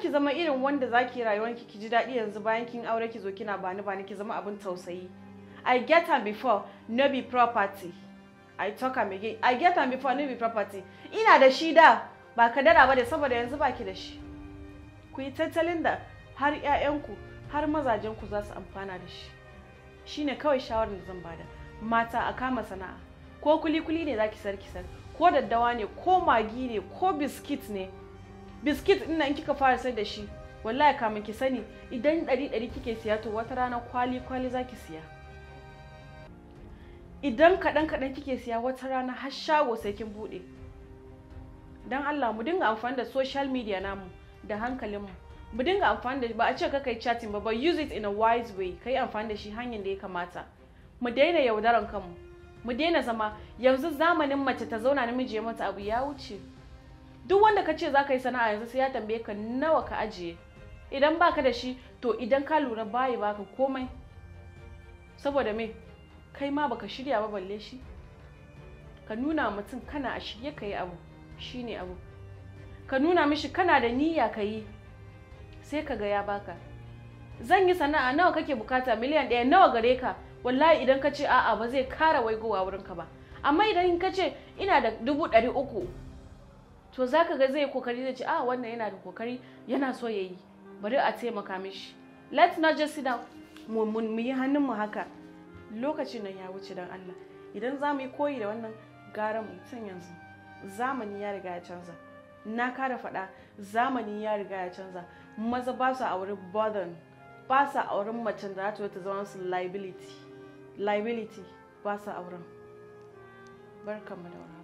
ki zama irin wanda zaki rayuwanki ki ji daɗi yanzu bayan kin aure ki zo kina bani bani ki zama abin tausayi I get am before no be property I talk am again I get am before no be property ina da shi da ba dara ba da saboda yanzu ba ki da shi ku yi tattalin da har 'ya'yanku har mazajenku za su amfana da shi shine kawai shawarar da zan bada mata a kama sana'a ko kuli-kuli ne za ki sarki sar ko daddawa ne ko magi ne ko biskit ne biskit din nan kika fara sai da shi wallahi kamun ki sani idan ɗari ɗari kike siya to wata rana kwali kwali za siya idan kaɗan kaɗan kike siya wata rana har shago sai kin buɗe don allah mu dinga amfani da social media namu da hankalinmu mu dinga amfani da ba a ce ka kai chatting ba but use it in a wise way ka amfani da shi hanyar da ya kamata mu daina yaudaran kanmu mu daina zama yanzu zamanin mace ta zauna namiji ya mata abu ya wuce duk wanda ka ce za ka yi sana'a yanzu sai ya tambaye ka nawa ka ajiye idan baka da shi to idan ka lura bayi baka komai saboda me kai ma baka shirya ba balle shi ka nuna mutum kana a shirye ka yi abu shine abu ka nuna mishi kana da niyya ka yi sai ka ga ya baka zan yi sana'a nawa kake bukata miliyan ɗaya nawa gare ka wallahi idan ka ce a'a ba zai kara waigowa wurinka ba amma idan ka ce ina da dubu ɗari uku to za ka ga zai kokari da ce a ah, wannan yana da kokari yana so ya yi bari a taimaka mishi let's not just sit down mu yi hannunmu haka lokacin nan ya wuce dan Allah idan za mu yi koyi da wannan gara mu tun yanzu zamani ya riga ya canza na kara faɗa zamani ya riga ya canza maza ba su wurin burden ba su auren macen da za ta zama su liability liability ba su auren barkan mu da